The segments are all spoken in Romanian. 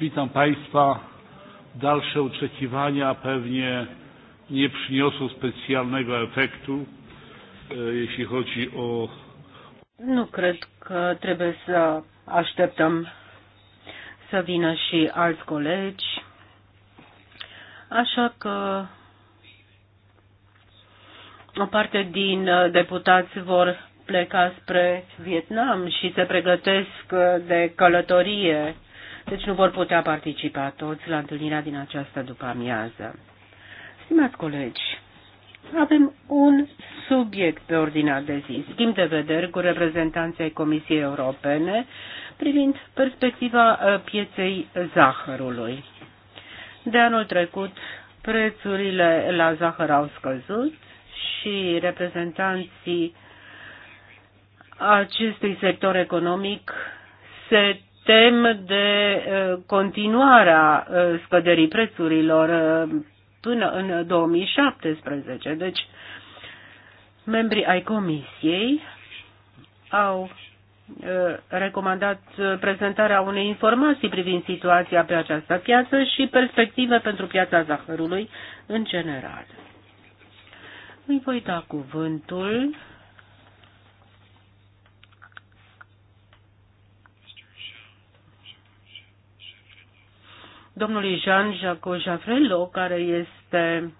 Witam Państwa. Dalsze oczekiwania pewnie nie przyniosą specjalnego efektu, jeśli chodzi o. Nu cred că trebuie să așteptăm să vină și alți colegi. Așa că o parte din deputați vor pleca spre Vietnam și se pregătesc de călătorie deci nu vor putea participa toți la întâlnirea din această după-amiază. Stimați colegi, avem un subiect pe ordinea de zi, schimb de vederi cu reprezentanții Comisiei Europene privind perspectiva uh, pieței zahărului. De anul trecut, prețurile la zahăr au scăzut și reprezentanții acestui sector economic se tem de eh, continuarea eh, scăderii prețurilor eh, până în 2017. Deci, membrii ai comisiei au recomandat prezentarea unei informații privind situația pe această piață și perspective pentru piața zahărului în general. Îi voi da cuvântul domnului Jean-Jacques Jafrello, care este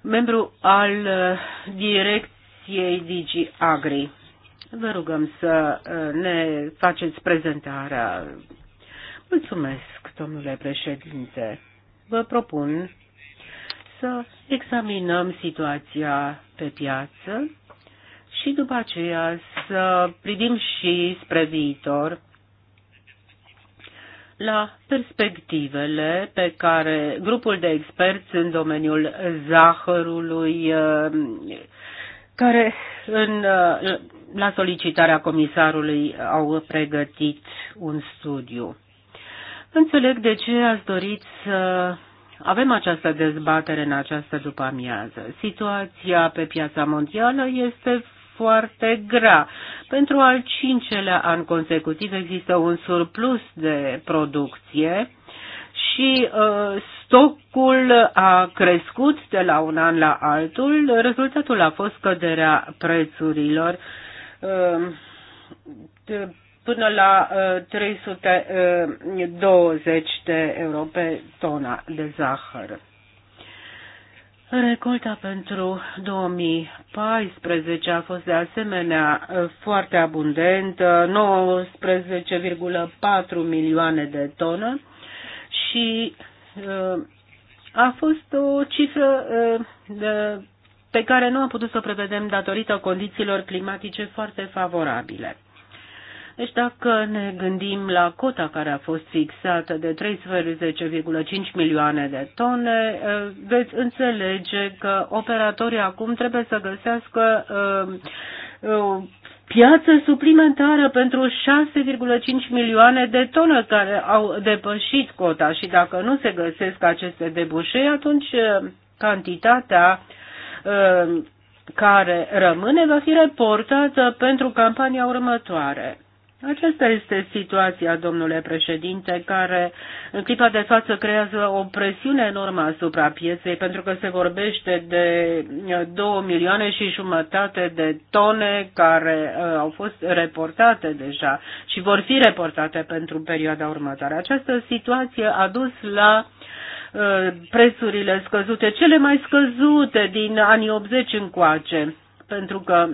membru al uh, direcției Digi Agri. Vă rugăm să uh, ne faceți prezentarea. Mulțumesc, domnule președinte. Vă propun să examinăm situația pe piață și după aceea să privim și spre viitor la perspectivele pe care grupul de experți în domeniul zahărului, uh, care în, uh, la solicitarea comisarului au pregătit un studiu. Înțeleg de ce ați dorit să avem această dezbatere în această după-amiază. Situația pe piața mondială este foarte grea. Pentru al cincelea an consecutiv există un surplus de producție și uh, stocul a crescut de la un an la altul. Rezultatul a fost căderea prețurilor uh, de, până la uh, 320 uh, de euro pe tona de zahăr. Recolta pentru 2014 a fost de asemenea ă, foarte abundentă, 19,4 milioane de tone și ă, a fost o cifră ă, pe care nu am putut să o prevedem datorită condițiilor climatice foarte favorabile. Deci dacă ne gândim la cota care a fost fixată de 13,5 milioane de tone, eh, veți înțelege că operatorii acum trebuie să găsească eh, piață suplimentară pentru 6,5 milioane de tone care au depășit cota și dacă nu se găsesc aceste debușei, atunci eh, cantitatea care rămâne va fi reportată pentru campania următoare. Aceasta este situația, domnule președinte, care în clipa de față creează o presiune enormă asupra pieței, pentru că se vorbește de eh, două milioane și jumătate de tone care eh, au fost reportate deja și vor fi reportate pentru perioada următoare. Această situație a dus la eh, prețurile scăzute, cele mai scăzute din anii 80 încoace, pentru că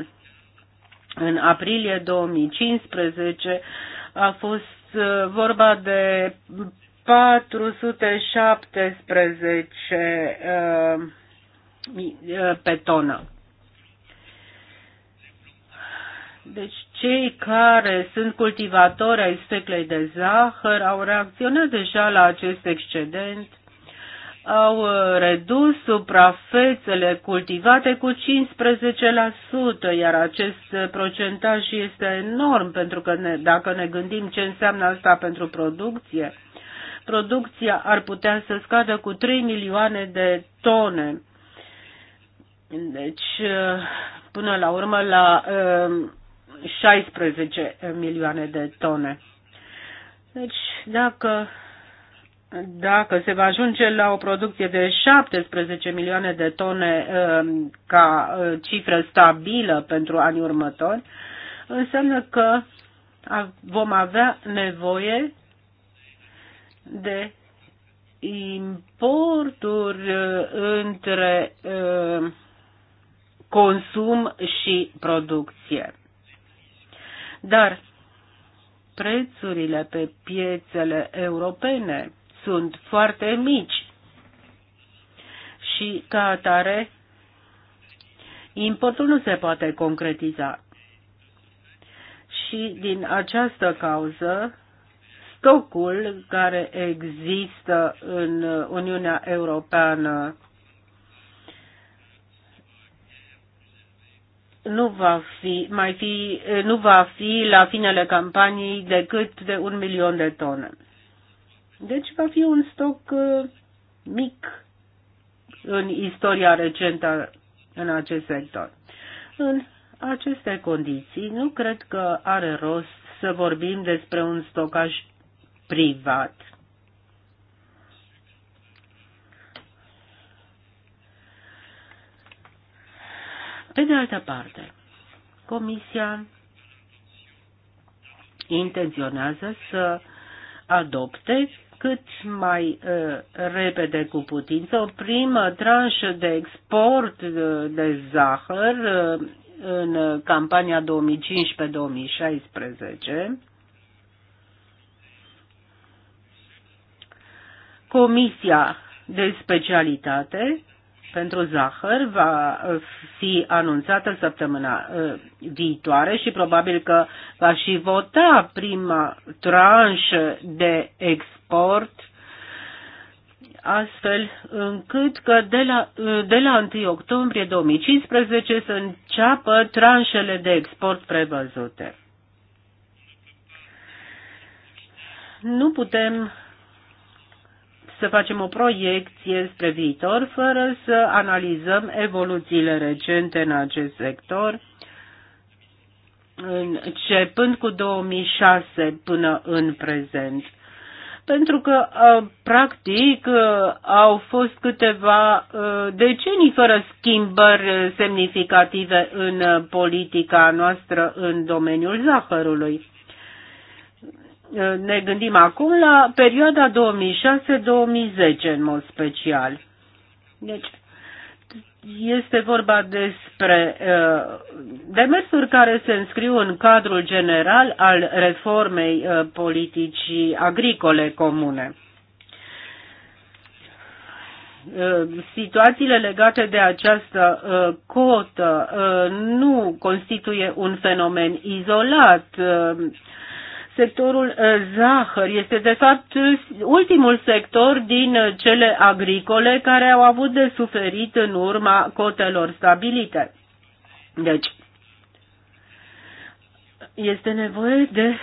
în aprilie 2015 a fost uh, vorba de 417 uh, uh, pe tonă. Deci cei care sunt cultivatori ai sfeclei de zahăr au reacționat deja la acest excedent au uh, redus suprafețele cultivate cu 15%, iar acest uh, procentaj este enorm, pentru că ne, dacă ne gândim ce înseamnă asta pentru producție, producția ar putea să scadă cu 3 milioane de tone. Deci, uh, până la urmă, la 16 milioane de tone. Deci, dacă dacă se va ajunge la o producție de 17 milioane de tone um, ca uh, cifră stabilă pentru anii următori, înseamnă că vom avea nevoie de importuri uh, între uh, consum și producție. Dar prețurile pe piețele europene sunt foarte mici și, ca atare, importul nu se poate concretiza. Și din această cauză, stocul care există în Uniunea Europeană nu va fi, mai fi, nu va fi la finele campaniei decât de un milion de tone. Deci va fi un stoc uh, mic în istoria recentă în acest sector. În aceste condiții, nu cred că are rost să vorbim despre un stocaj privat. Pe de altă parte, Comisia intenționează să adopte cât mai uh, repede cu putință. O primă tranșă de export uh, de zahăr uh, în campania 2015-2016. Comisia de specialitate pentru zahăr va fi anunțată săptămâna uh, viitoare și probabil că va și vota prima tranșă de export astfel încât că de la, uh, de la 1 octombrie 2015 să înceapă tranșele de export prevăzute. Nu putem să facem o proiecție spre viitor fără să analizăm evoluțiile recente în acest sector. Începând cu 2006 până în prezent pentru că practic au fost câteva decenii fără schimbări semnificative în politica noastră în domeniul zahărului ne gândim acum la perioada 2006-2010 în mod special. Deci, este vorba despre uh, demersuri care se înscriu în cadrul general al reformei uh, politicii agricole comune. Uh, situațiile legate de această cotă nu constituie un fenomen izolat sectorul uh, zahăr este de fapt ultimul sector din uh, cele agricole care au avut de suferit în urma cotelor stabilite. Deci, este nevoie de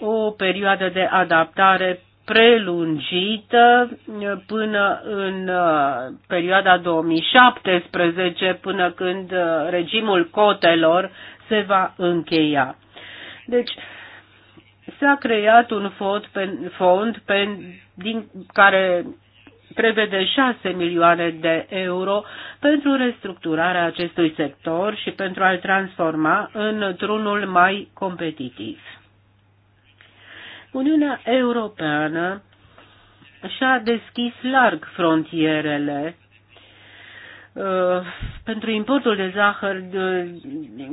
o perioadă de adaptare prelungită uh, până în perioada 2017, până când regimul cotelor se va încheia. Deci, s-a creat un fond, pe, fond pe, din care prevede 6 milioane de euro pentru restructurarea acestui sector și pentru a-l transforma într-unul mai competitiv. Uniunea Europeană și-a deschis larg frontierele uh, pentru importul de zahăr uh,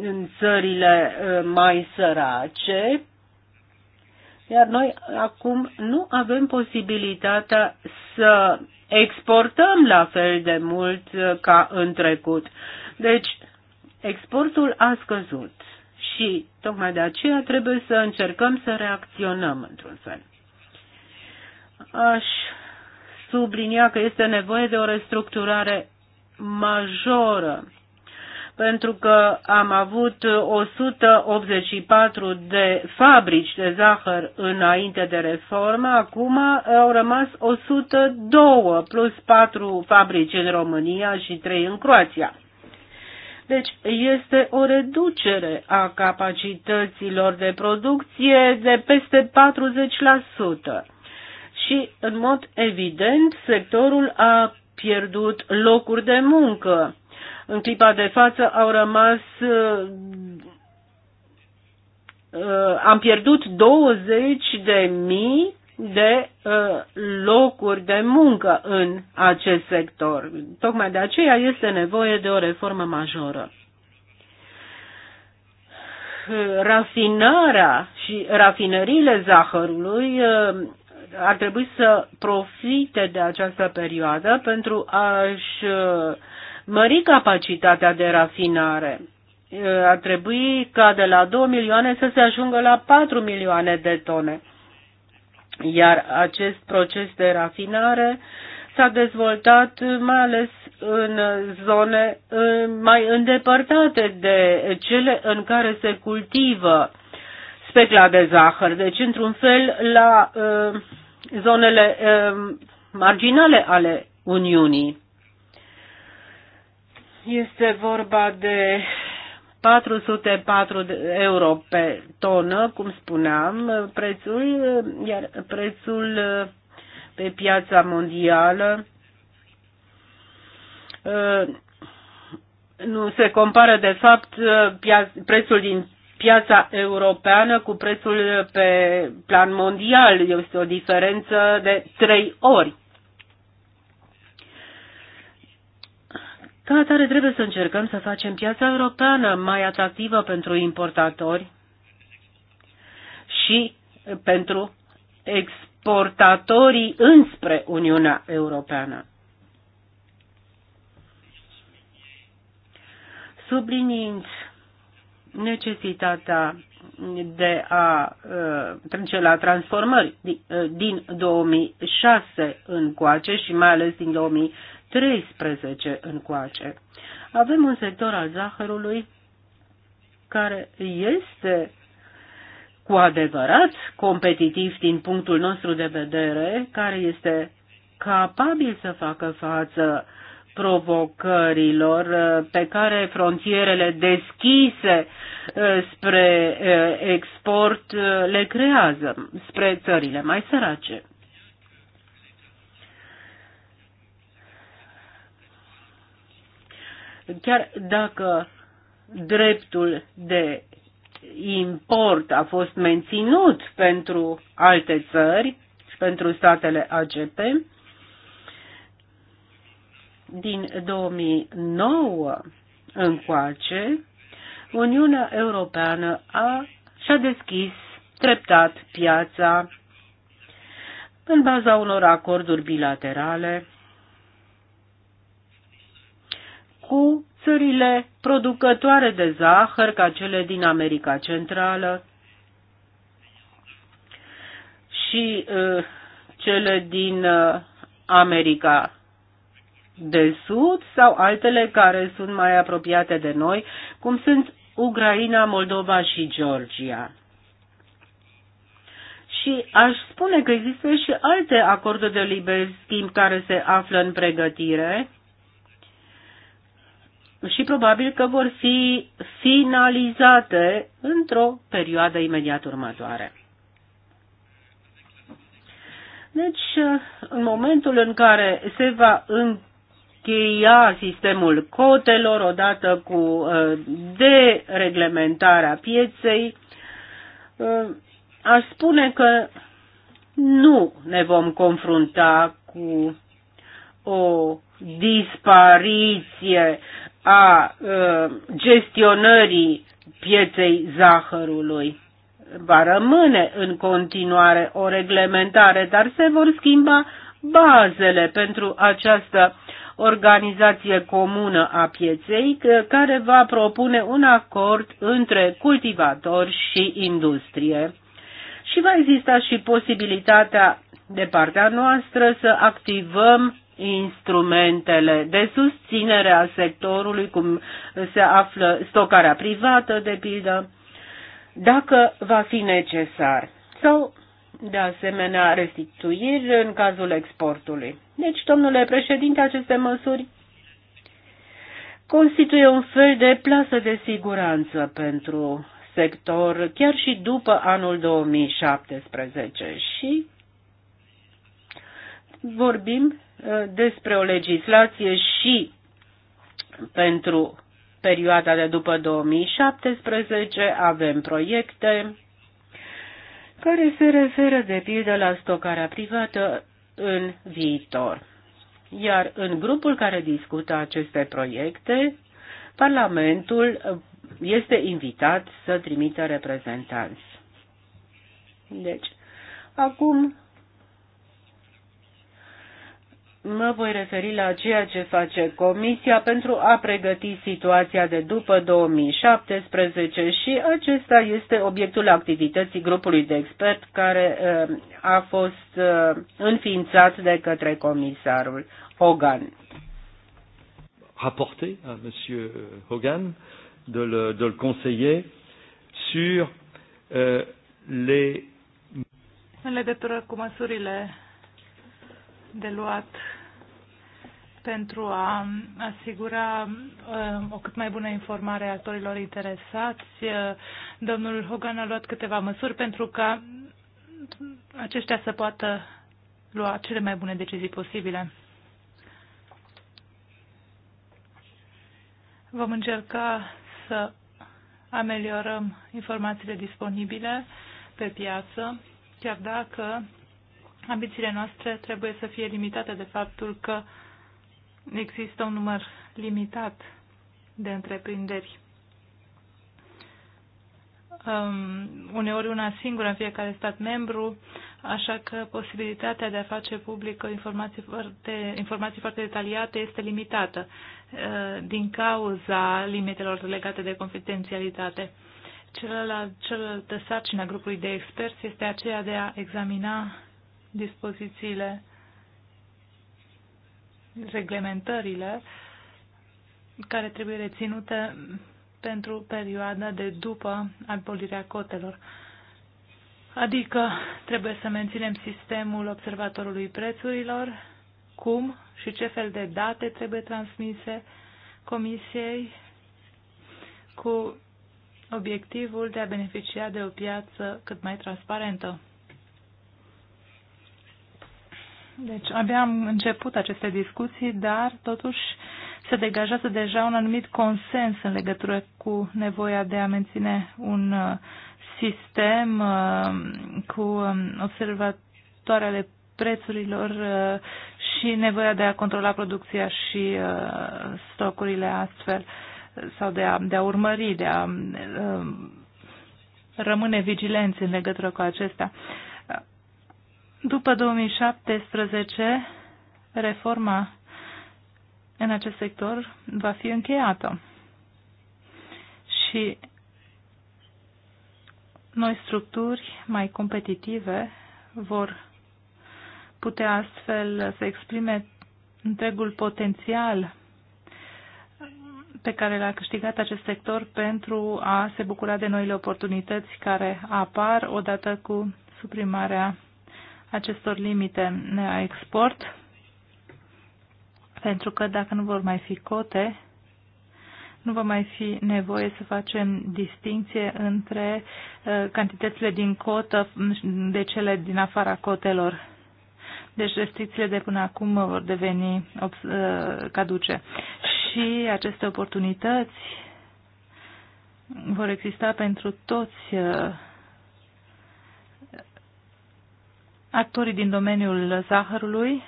în țările uh, mai sărace iar noi acum nu avem posibilitatea să exportăm la fel de mult uh, ca în trecut. Deci, exportul a scăzut și tocmai de aceea trebuie să încercăm să reacționăm într-un fel. Aș sublinia că este nevoie de o restructurare majoră pentru că am avut 184 de fabrici de zahăr înainte de reformă, acum au rămas 102 plus 4 fabrici în România și 3 în Croația. Deci este o reducere a capacităților de producție de peste 40% și, în mod evident, sectorul a pierdut locuri de muncă în clipa de față au rămas uh, am pierdut 20 de mii de uh, locuri de muncă în acest sector. Tocmai de aceea este nevoie de o reformă majoră rafinarea și rafinările zahărului uh, ar trebui să profite de această perioadă pentru a-și mări capacitatea de rafinare. Ar trebui ca de la 2 milioane să se ajungă la 4 milioane de tone. Iar acest proces de rafinare s-a dezvoltat mai ales în zone mai îndepărtate de cele în care se cultivă specla de zahăr, deci într-un fel la zonele marginale ale Uniunii. Este vorba de 404 de euro pe tonă, cum spuneam, prețul, iar prețul uh, pe piața mondială uh, nu se compară de fapt uh, prețul din piața europeană cu prețul pe plan mondial. Este o diferență de trei ori. Ca atare trebuie să încercăm să facem piața europeană mai atractivă pentru importatori și pentru exportatorii înspre Uniunea Europeană. Subliniind necesitatea de a uh, trece la transformări uh, din, 2006 încoace și mai ales din 13 încoace. Avem un sector al zahărului care este cu adevărat competitiv din punctul nostru de vedere, care este capabil să facă față provocărilor uh, pe care frontierele deschise uh, spre uh, export le creează spre țările mai sărace. chiar dacă dreptul de import a fost menținut pentru alte țări și pentru statele A.G.P. din 2009 încoace, Uniunea Europeană a, și-a deschis treptat piața în baza unor acorduri bilaterale cu țările producătoare de zahăr, ca cele din America Centrală și uh, cele din uh, America de Sud sau altele care sunt mai apropiate de noi, cum sunt Ucraina, Moldova și Georgia. Și aș spune că există și alte acorduri de liber schimb care se află în pregătire, și probabil că vor fi finalizate într-o perioadă imediat următoare. Deci, în momentul în care se va încheia sistemul cotelor, odată cu uh, dereglementarea pieței, uh, aș spune că nu ne vom confrunta cu o dispariție a ă, gestionării pieței zahărului. Va rămâne în continuare o reglementare, dar se vor schimba bazele pentru această organizație comună a pieței care va propune un acord între cultivatori și industrie. Și va exista și posibilitatea de partea noastră să activăm instrumentele de susținere a sectorului, cum se află stocarea privată, de pildă, dacă va fi necesar, sau, de asemenea, restituiri în cazul exportului. Deci, domnule președinte, aceste măsuri constituie un fel de plasă de siguranță pentru sector chiar și după anul 2017 și vorbim despre o legislație și pentru perioada de după 2017 avem proiecte care se referă de pildă la stocarea privată în viitor. Iar în grupul care discută aceste proiecte, Parlamentul este invitat să trimită reprezentanți. Deci, acum mă voi referi la ceea ce face Comisia pentru a pregăti situația de după 2017 și acesta este obiectul activității grupului de expert care uh, a fost uh, înființat de către comisarul Hogan. Raporté à M. Hogan de le, de le conseiller sur euh, les. În legătură cu măsurile de luat pentru a asigura um, o cât mai bună informare a actorilor interesați. domnul Hogan a luat câteva măsuri pentru ca aceștia să poată lua cele mai bune decizii posibile. Vom încerca să ameliorăm informațiile disponibile pe piață, chiar dacă ambițiile noastre trebuie să fie limitate de faptul că există un număr limitat de întreprinderi. Um, uneori una singură în fiecare stat membru, așa că posibilitatea de a face publică informații foarte, informații foarte detaliate este limitată uh, din cauza limitelor legate de confidențialitate. Celălalt, celălaltă sarcină a grupului de experți este aceea de a examina dispozițiile reglementările care trebuie reținute pentru perioada de după abolirea cotelor. Adică trebuie să menținem sistemul observatorului prețurilor, cum și ce fel de date trebuie transmise comisiei cu obiectivul de a beneficia de o piață cât mai transparentă. Deci abia am început aceste discuții, dar totuși se degajează deja un anumit consens în legătură cu nevoia de a menține un uh, sistem uh, cu um, ale prețurilor uh, și nevoia de a controla producția și stocurile astfel sau de a, de a urmări, de a rămâne vigilenți în legătură cu acestea. După 2017, reforma în acest sector va fi încheiată. Și noi structuri mai competitive vor putea astfel să exprime întregul potențial pe care l-a câștigat acest sector pentru a se bucura de noile oportunități care apar odată cu suprimarea acestor limite ne-a export, pentru că dacă nu vor mai fi cote, nu va mai fi nevoie să facem distinție între uh, cantitățile din cotă de cele din afara cotelor. Deci restricțiile de până acum vor deveni uh, caduce. Și aceste oportunități vor exista pentru toți uh, actorii din domeniul zahărului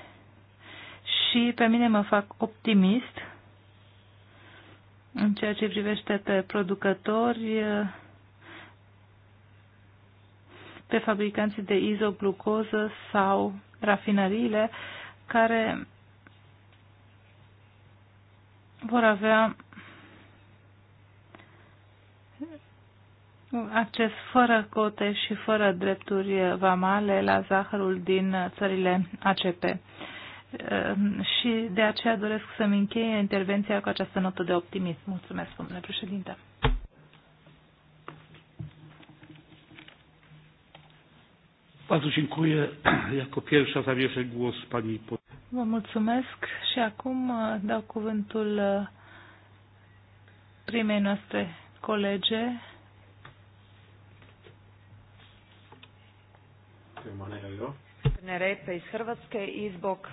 și pe mine mă fac optimist în ceea ce privește pe producători, pe fabricanții de izoglucoză sau rafinăriile care vor avea acces fără cote și fără drepturi vamale la zahărul din țările ACP. Uh, și de aceea doresc să-mi încheie intervenția cu această notă de optimism. Mulțumesc, domnule președinte. Vă mulțumesc și acum uh, dau cuvântul uh, primei noastre colege, šećerne repe iz Hrvatske i zbog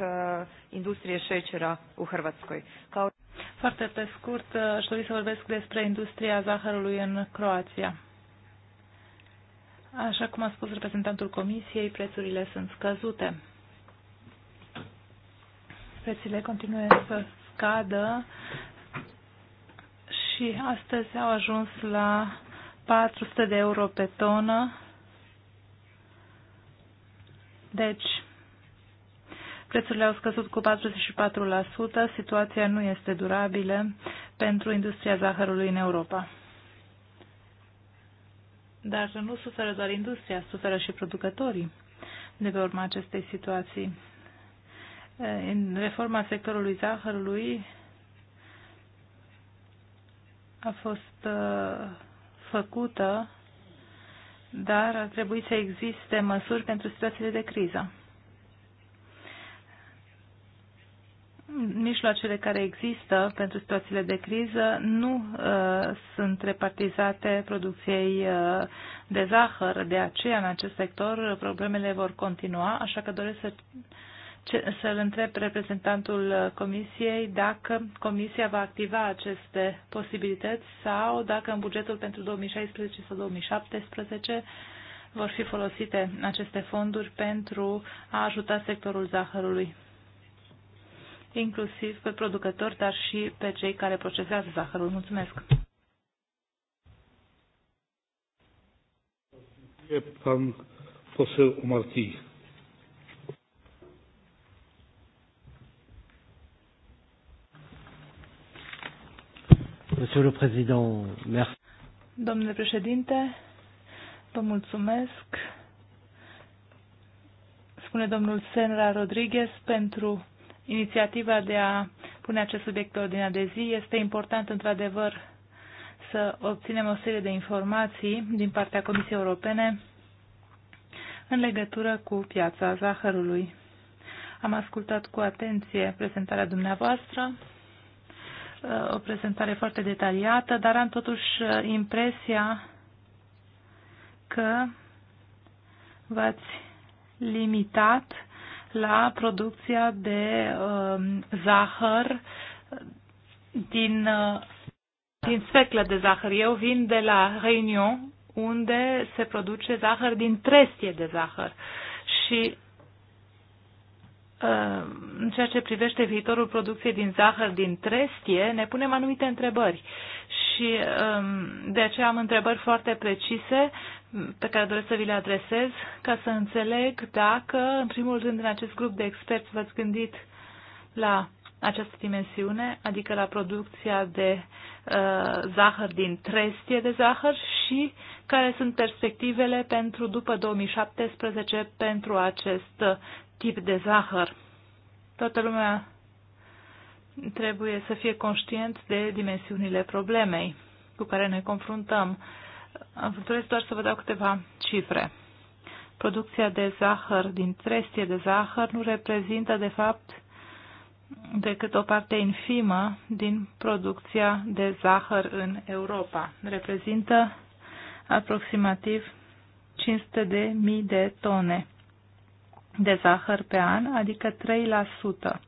industrije šećera u Hrvatskoj. Kao... Foarte pe scurt, aș să vorbesc despre industria zahărului în Croația. Așa cum a spus reprezentantul Comisiei, prețurile sunt scăzute. Prețurile continuă să scadă și astăzi au ajuns la 400 de euro pe tonă deci, prețurile au scăzut cu 44%, situația nu este durabilă pentru industria zahărului în Europa. Dar nu suferă doar industria, suferă și producătorii de pe urma acestei situații. În reforma sectorului zahărului a fost uh, făcută dar ar trebui să existe măsuri pentru situațiile de criză. mijloacele care există pentru situațiile de criză nu uh, sunt repartizate producției uh, de zahăr. De aceea, în acest sector, problemele vor continua, așa că doresc să să-l întreb reprezentantul uh, Comisiei dacă Comisia va activa aceste posibilități sau dacă în bugetul pentru 2016 sau 2017 vor fi folosite aceste fonduri pentru a ajuta sectorul zahărului, inclusiv pe producători, dar și pe cei care procesează zahărul. Mulțumesc! Pan poseł Marti. Monsieur le Président, merci. Domnule președinte, vă mulțumesc. Spune domnul Senra Rodriguez pentru inițiativa de a pune acest subiect pe ordinea de zi. Este important, într-adevăr, să obținem o serie de informații din partea Comisiei Europene în legătură cu piața zahărului. Am ascultat cu atenție prezentarea dumneavoastră o prezentare foarte detaliată, dar am totuși uh, impresia că v-ați limitat la producția de uh, zahăr din, uh, din sfeclă de zahăr. Eu vin de la Réunion, unde se produce zahăr din trestie de zahăr. Și în ceea ce privește viitorul producției din zahăr din trestie, ne punem anumite întrebări și um, de aceea am întrebări foarte precise mm, pe care doresc să vi le adresez ca să înțeleg dacă, în primul rând, în acest grup de experți v-ați gândit la această dimensiune, adică la producția de uh, zahăr din trestie de zahăr și care sunt perspectivele pentru după 2017 pentru acest uh, tip de zahăr. Toată lumea trebuie să fie conștient de dimensiunile problemei cu care ne confruntăm. Am doresc doar să vă dau câteva cifre. Producția de zahăr, din trestie de zahăr, nu reprezintă, de fapt, decât o parte infimă din producția de zahăr în Europa. Reprezintă aproximativ 500 de mii de tone de zahăr pe an, adică 3%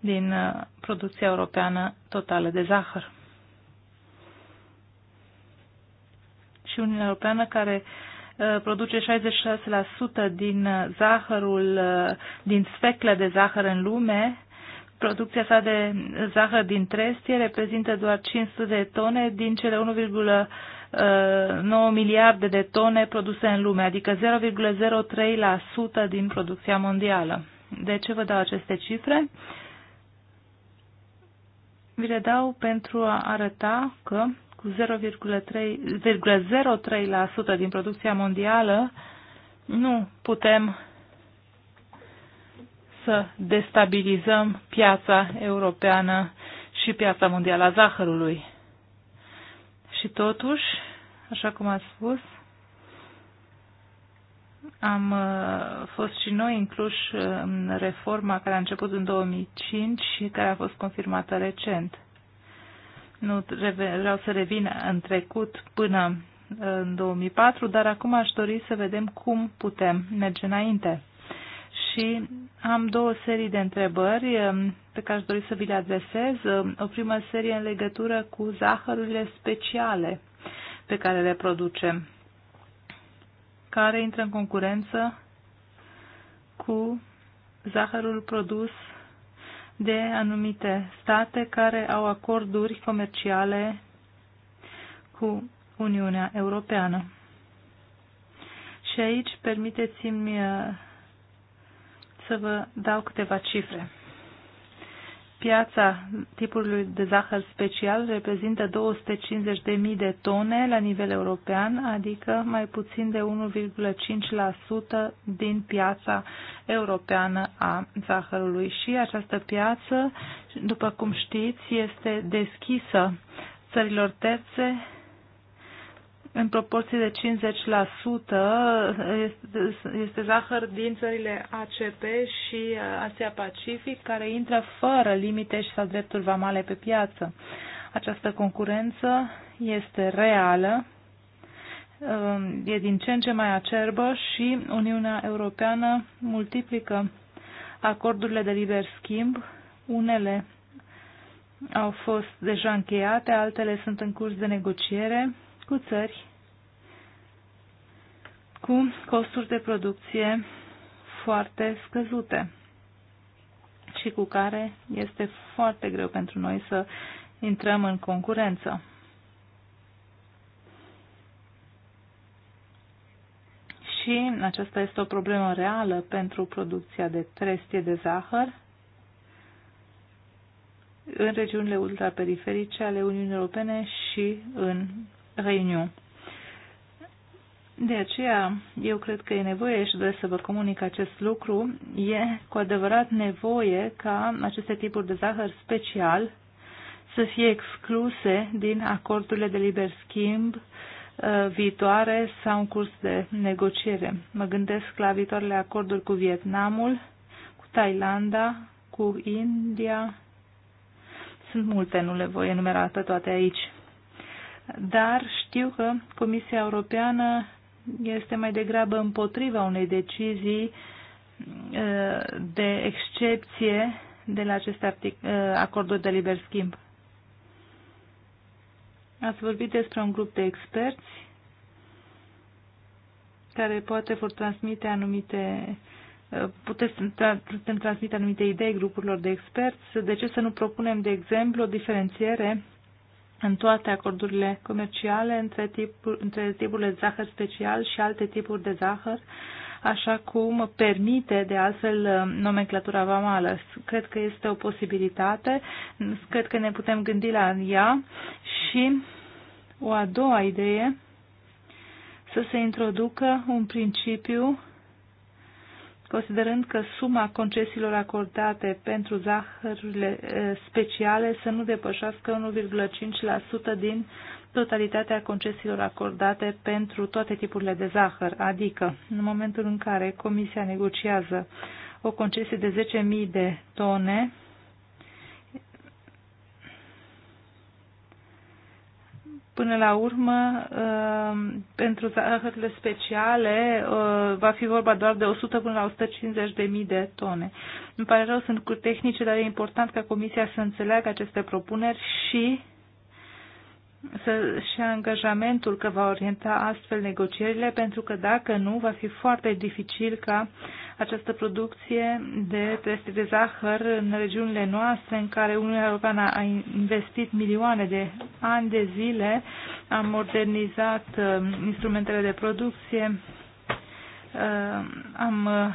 din uh, producția europeană totală de zahăr. Și Uniunea Europeană care uh, produce 66% din uh, zahărul, din sfeclă de zahăr în lume, producția sa de zahăr din trestie reprezintă doar 500 de tone din cele 1, 9 uh, miliarde de tone produse în lume, adică 0,03% din producția mondială. De ce vă dau aceste cifre? Vi le dau pentru a arăta că cu 0,03% din producția mondială nu putem să destabilizăm piața europeană și piața mondială a zahărului. Și totuși, așa cum ați spus, am uh, fost și noi incluși uh, în reforma care a început în 2005 și care a fost confirmată recent. Nu vreau să revin în trecut până uh, în 2004, dar acum aș dori să vedem cum putem merge înainte și am două serii de întrebări um, pe care aș dori să vi le adresez. Um, o primă serie în legătură cu zahărurile speciale pe care le producem, care intră în concurență cu zahărul produs de anumite state care au acorduri comerciale cu Uniunea Europeană. Și aici permiteți-mi uh, să vă dau câteva cifre. Piața tipului de zahăr special reprezintă 250.000 de tone la nivel european, adică mai puțin de 1,5% din piața europeană a zahărului. Și această piață, după cum știți, este deschisă țărilor terțe în proporție de 50% este zahăr din țările ACP și uh, Asia Pacific, care intră fără limite și sau drepturi vamale pe piață. Această concurență este reală, uh, e din ce în ce mai acerbă și Uniunea Europeană multiplică acordurile de liber schimb, unele au fost deja încheiate, altele sunt în curs de negociere cu țări cu costuri de producție foarte scăzute și cu care este foarte greu pentru noi să intrăm în concurență. Și aceasta este o problemă reală pentru producția de trestie de zahăr în regiunile ultraperiferice ale Uniunii Europene și în Réunion. De aceea, eu cred că e nevoie și doresc să vă comunic acest lucru. E cu adevărat nevoie ca aceste tipuri de zahăr special să fie excluse din acordurile de liber schimb uh, viitoare sau în curs de negociere. Mă gândesc la viitoarele acorduri cu Vietnamul, cu Thailanda, cu India. Sunt multe, nu le voi enumera toate aici dar știu că Comisia Europeană este mai degrabă împotriva unei decizii uh, de excepție de la acest uh, acordul de liber schimb. Ați vorbit despre un grup de experți care poate vor transmite anumite uh, puteți putem transmite anumite idei grupurilor de experți. De ce să nu propunem, de exemplu, o diferențiere în toate acordurile comerciale între, tipul, între tipurile de zahăr special și alte tipuri de zahăr, așa cum permite de altfel um, nomenclatura vamală. Cred că este o posibilitate, cred că ne putem gândi la ea și o a doua idee, să se introducă un principiu considerând că suma concesiilor acordate pentru zahărurile speciale să nu depășească 1,5% din totalitatea concesiilor acordate pentru toate tipurile de zahăr, adică în momentul în care Comisia negociază o concesie de 10.000 de tone Până la urmă, um, pentru zahărurile speciale uh, va fi vorba doar de 100 până la 150 de mii de tone. Îmi pare rău, sunt cu tehnice, dar e important ca Comisia să înțeleagă aceste propuneri și să și angajamentul că va orienta astfel negocierile, pentru că dacă nu, va fi foarte dificil ca această producție de teste de zahăr în regiunile noastre în care Uniunea Europeană a investit milioane de ani de zile, a modernizat uh, instrumentele de producție, uh, am uh,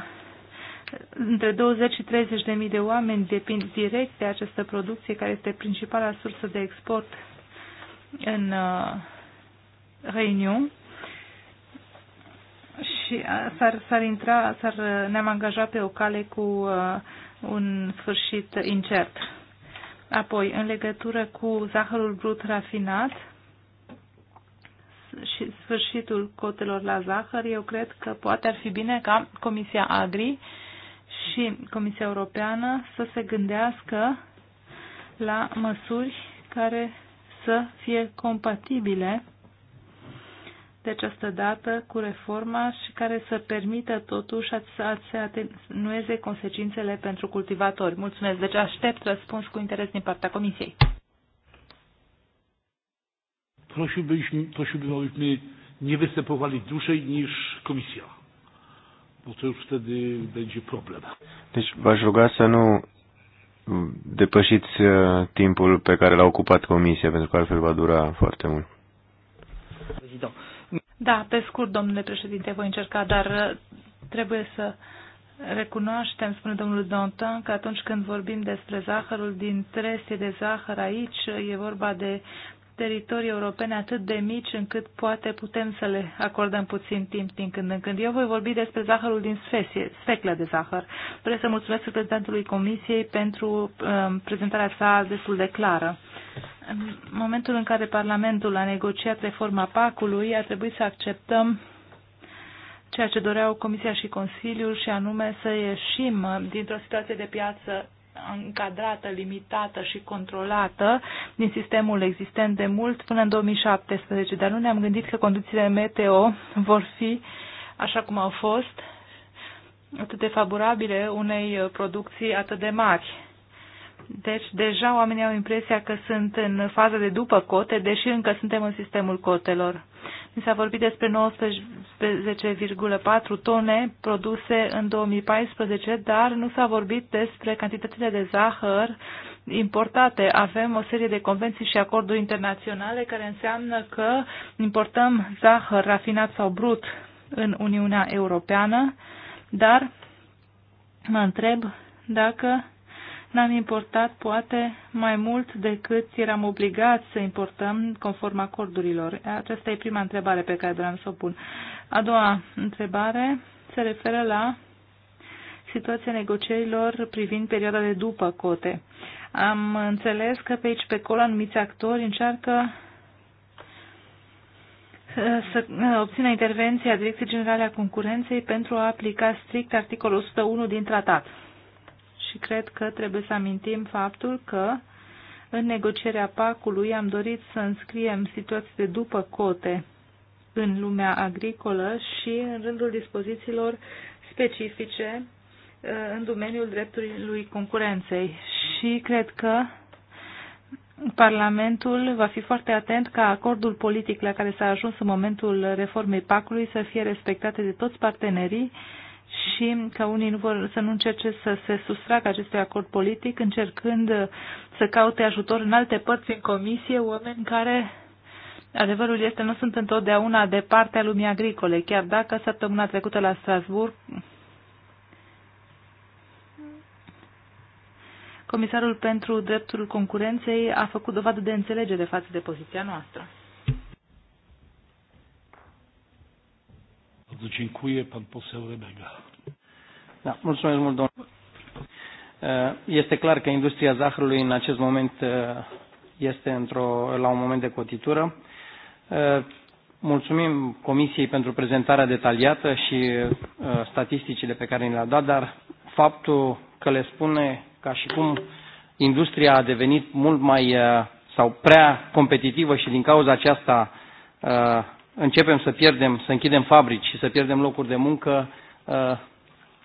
între 20 și 30 de mii de oameni depind direct de această producție care este principala sursă de export în Reunion și uh, s-ar, s-ar intra, s-ar, ne-am angajat pe o cale cu uh, un sfârșit incert. Apoi, în legătură cu zahărul brut rafinat și sfârșitul cotelor la zahăr, eu cred că poate ar fi bine ca Comisia Agri și Comisia Europeană să se gândească la măsuri care să fie compatibile de această dată cu reforma și care să permită totuși să se atenueze consecințele pentru cultivatori. Mulțumesc. Deci aștept răspuns cu interes din partea Comisiei. Prosiłbym, abyśmy nie występowali dłużej niż Komisja, bo to już wtedy będzie problem. Deci v-aș ruga să nu depășiți timpul pe care l-a ocupat Comisia, pentru că altfel va dura foarte mult. Président. Da, pe scurt, domnule președinte, voi încerca, dar uh, trebuie să recunoaștem, spune domnul Danton, că atunci când vorbim despre zahărul din trestie de zahăr aici, e vorba de teritorii europene atât de mici încât poate putem să le acordăm puțin timp din când în când. Eu voi vorbi despre zahărul din sfesie, sfeclă de zahăr. Vreau să mulțumesc reprezentantului Comisiei pentru um, prezentarea sa destul de clară. În momentul în care Parlamentul a negociat reforma PAC-ului, a trebuit să acceptăm ceea ce doreau Comisia și Consiliul și anume să ieșim dintr-o situație de piață încadrată, limitată și controlată din sistemul existent de mult până în 2017, dar nu ne-am gândit că condițiile meteo vor fi așa cum au fost, atât de favorabile unei producții atât de mari. Deci deja oamenii au impresia că sunt în faza de după cote, deși încă suntem în sistemul cotelor. Mi s-a vorbit despre 19,4 tone produse în 2014, dar nu s-a vorbit despre cantitățile de zahăr importate. Avem o serie de convenții și acorduri internaționale care înseamnă că importăm zahăr rafinat sau brut în Uniunea Europeană, dar mă întreb dacă n-am importat poate mai mult decât eram obligați să importăm conform acordurilor? Aceasta e prima întrebare pe care vreau să o pun. A doua întrebare se referă la situația negocierilor privind perioada de după cote. Am înțeles că pe aici pe acolo anumiți actori încearcă uh, să uh, obțină intervenția Direcției Generale a Concurenței pentru a aplica strict articolul 101 din tratat. Și cred că trebuie să amintim faptul că în negocierea PAC-ului am dorit să înscriem situații de după cote în lumea agricolă și în rândul dispozițiilor specifice uh, în domeniul dreptului concurenței. Și cred că Parlamentul va fi foarte atent ca acordul politic la care s-a ajuns în momentul reformei PAC-ului să fie respectate de toți partenerii și că unii nu vor să nu încerce să se sustragă acestui acord politic, încercând să caute ajutor în alte părți în comisie, oameni care, adevărul este, nu sunt întotdeauna de partea lumii agricole, chiar dacă săptămâna trecută la Strasburg Comisarul pentru Dreptul Concurenței a făcut dovadă de înțelegere față de poziția noastră. Bardzo dziękuję. Pan poseł Rebega. Da, mulțumesc mult, domnule. Este clar că industria zahărului în acest moment este într-o, la un moment de cotitură. Mulțumim Comisiei pentru prezentarea detaliată și statisticile pe care ni le-a dat, dar faptul că le spune ca și cum industria a devenit mult mai sau prea competitivă și din cauza aceasta începem să pierdem, să închidem fabrici și să pierdem locuri de muncă, uh,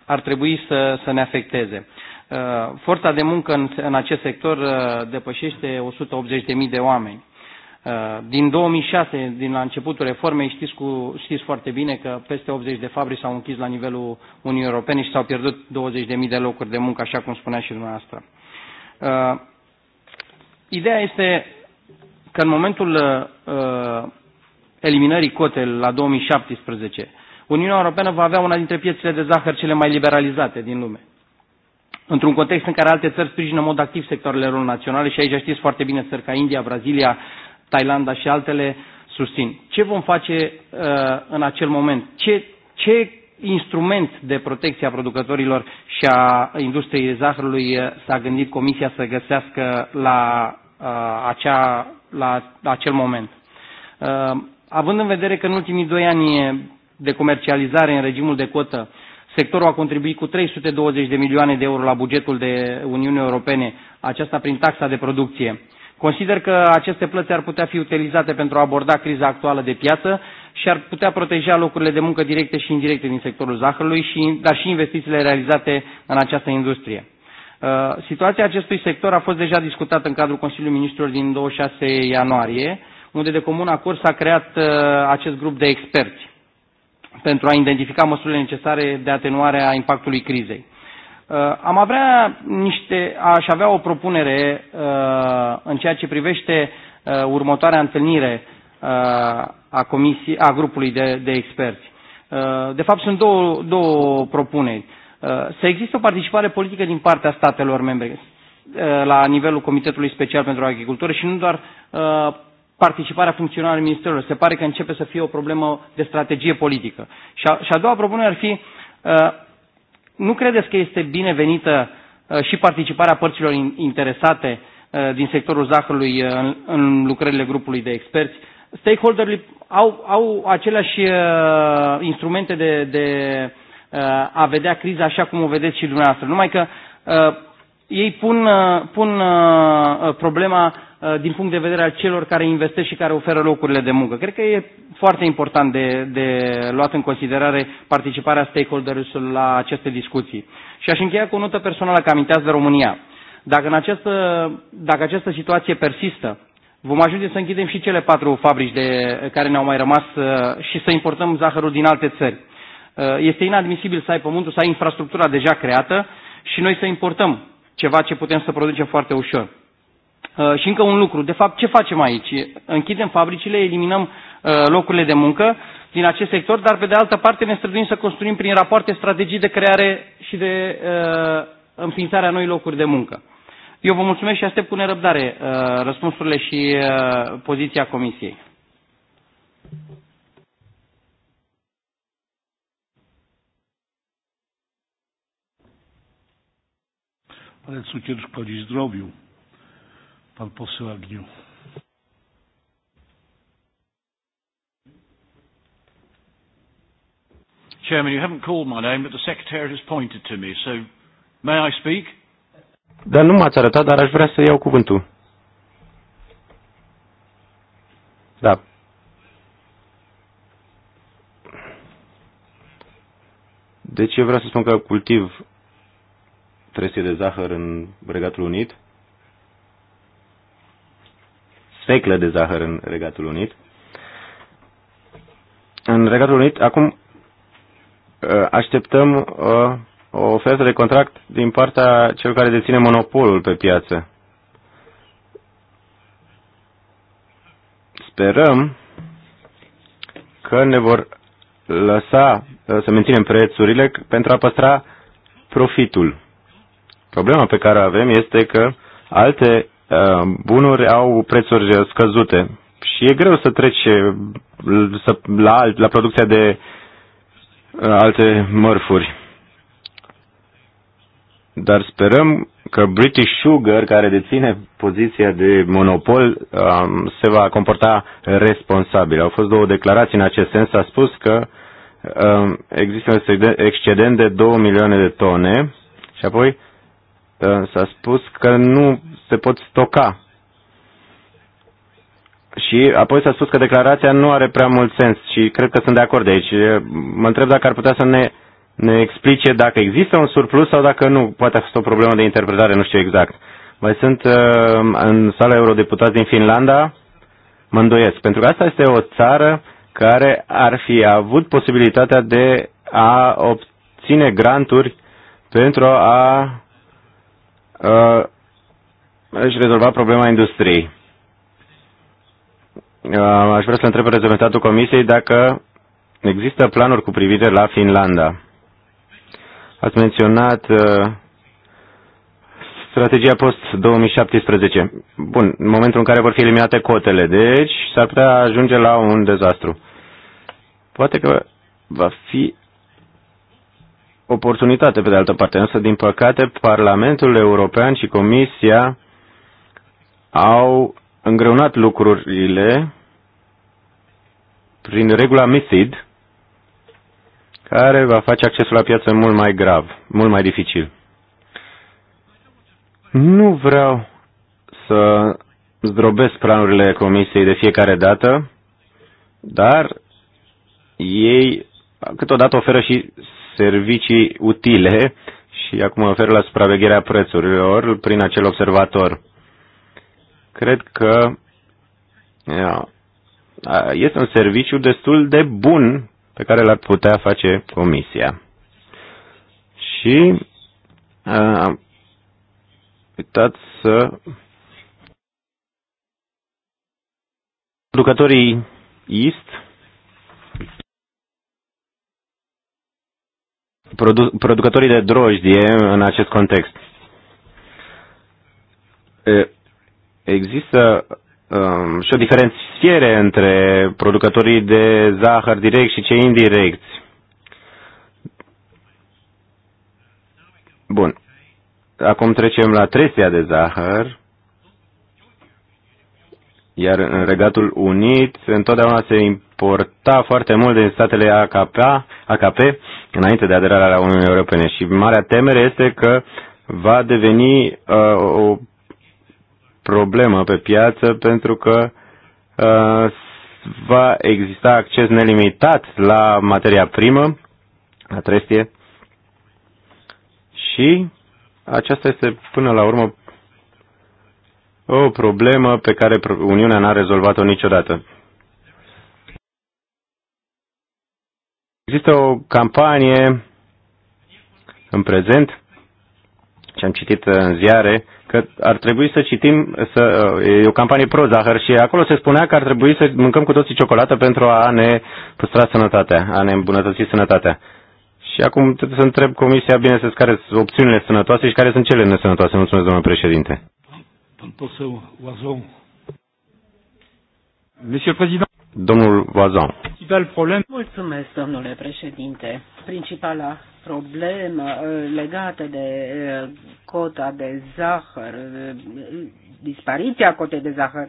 ar trebui să, să ne afecteze. Uh, forța de muncă în, în acest sector uh, depășește 180.000 de oameni. Din 2006, din la începutul reformei, știți, cu, știți foarte bine că peste 80 de fabrici s-au închis la nivelul Uniunii Europene și s-au pierdut 20.000 de locuri de muncă, așa cum spunea și dumneavoastră. Ideea este că în momentul eliminării cotei la 2017, Uniunea Europeană va avea una dintre piețele de zahăr cele mai liberalizate din lume. Într-un context în care alte țări sprijină în mod activ sectoarele lor naționale și aici știți foarte bine țări ca India, Brazilia, Thailanda și altele susțin. Ce vom face uh, în acel moment? Ce, ce instrument de protecție a producătorilor și a industriei zahărului uh, s-a gândit Comisia să găsească la, uh, acea, la, la acel moment? Uh, Având în vedere că în ultimii doi ani de comercializare în regimul de cotă, sectorul a contribuit cu 320 de milioane de euro la bugetul de Uniune Europene, aceasta prin taxa de producție. Consider că aceste plăți ar putea fi utilizate pentru a aborda criza actuală de piață și ar putea proteja locurile de muncă directe și indirecte din sectorul zahărului, și, dar și investițiile realizate în această industrie. Uh, situația acestui sector a fost deja discutată în cadrul Consiliului Ministrilor din 26 ianuarie, unde de comun acord s-a creat uh, acest grup de experți pentru a identifica măsurile necesare de atenuare a impactului crizei. Uh, am avea niște, aș avea o propunere uh, în ceea ce privește următoarea întâlnire a, comisii, a grupului de, de experți. De fapt, sunt două, două propuneri. Să există o participare politică din partea statelor membre la nivelul Comitetului Special pentru Agricultură și nu doar participarea funcțională a ministerilor. Se pare că începe să fie o problemă de strategie politică. Și a, și a doua propunere ar fi, uh, nu credeți că este binevenită uh, și participarea părților interesate uh, din sectorul zahărului în, în lucrările grupului de experți? Stakeholderii au, au aceleași instrumente de, de a vedea criza așa cum o vedeți și dumneavoastră, numai că ei pun, pun problema Uh, din punct de vedere al celor care investesc și care oferă locurile de muncă. Cred că e foarte important de, de luat în considerare participarea stakeholders-ului la aceste discuții. Și aș încheia cu o notă personală că amintează de România. Dacă, în această, dacă această situație persistă, vom ajunge să închidem și cele patru fabrici de, care ne-au mai rămas uh, și să importăm zahărul din alte țări. Uh, este inadmisibil să ai pământul, să ai infrastructura deja creată și noi să importăm ceva ce putem să producem foarte ușor. Uh, și încă un lucru, de fapt ce facem aici? Închidem fabricile, eliminăm uh, locurile de muncă din acest sector, dar pe de altă parte ne străduim să construim prin rapoarte strategii de creare și de uh, a noi locuri de muncă. Eu vă mulțumesc și aștept cu nerăbdare răspunsurile și poziția Comisiei. Ale cukier szkodzi zdrowiu. Pan poseł Agniu. Chairman, you haven't called my name, but the secretary has pointed to me, so may I speak? Da, nu m-ați arătat, dar aș vrea să iau cuvântul. Da. Deci eu vreau să spun că cultiv trestie de zahăr în Regatul Unit sfeclă de zahăr în Regatul Unit. În Regatul Unit, acum uh, așteptăm uh, o ofertă de contract din partea celor care deține monopolul pe piață. Sperăm că ne vor lăsa uh, să menținem prețurile pentru a păstra profitul. Problema pe care o avem este că alte bunuri ehm, au prețuri scăzute și e greu să treci să, la, la producția de eh, alte mărfuri. Dar sperăm că British Sugar, care deține poziția de monopol, ehm, se va comporta responsabil. Au fost două declarații în acest sens. a spus că ehm, există un excedent de 2 milioane de tone și apoi eh, s-a spus că nu se pot stoca. Și apoi s-a spus că declarația nu are prea mult sens și cred că sunt de acord de aici. Mă întreb dacă ar putea să ne, ne explice dacă există un surplus sau dacă nu. Poate a fost o problemă de interpretare, nu știu exact. Mai sunt uh, în sala eurodeputați din Finlanda, mă îndoiesc, pentru că asta este o țară care ar fi avut posibilitatea de a obține granturi pentru a uh, Aș rezolva problema industriei. Uh, aș vrea să întreb reprezentantul Comisiei dacă există planuri cu privire la Finlanda. Ați menționat uh, strategia post-2017. Bun, în momentul în care vor fi eliminate cotele, deci s-ar putea ajunge la un dezastru. Poate că va fi oportunitate pe de altă parte, însă din păcate Parlamentul European și Comisia au îngreunat lucrurile prin regula MISID, care va face accesul la piață mult mai grav, mult mai dificil. Nu vreau să zdrobesc planurile comisiei de fiecare dată, dar ei câteodată oferă și servicii utile și acum oferă la supravegherea prețurilor prin acel observator cred că este un serviciu destul de bun pe care l-ar putea face comisia. Și uh, uitați să producătorii IST produ- producătorii de drojdie în acest context există um, și o diferențiere între producătorii de zahăr direct și cei indirecți. Bun. Acum trecem la tresia de zahăr. Iar în Regatul Unit întotdeauna se importa foarte mult din statele AKP, AKP înainte de aderarea la Uniunea Europene și marea temere este că va deveni uh, o problemă pe piață pentru că uh, va exista acces nelimitat la materia primă, la trestie, și aceasta este până la urmă o problemă pe care Uniunea n-a rezolvat-o niciodată. Există o campanie în prezent, ce am citit în ziare, că ar trebui să citim, să, uh, e o campanie pro-zahăr și acolo se spunea că ar trebui să mâncăm cu toții ciocolată pentru a ne păstra sănătatea, a ne îmbunătăți sănătatea. Și acum trebuie să întreb Comisia, să care sunt opțiunile sănătoase și care sunt cele nesănătoase. Mulțumesc, domnule președinte. Monsieur le Président. Domnul Vazan. Mulțumesc, domnule președinte. Principala problemă uh, legată de uh, cota de zahăr, uh, dispariția cotei de zahăr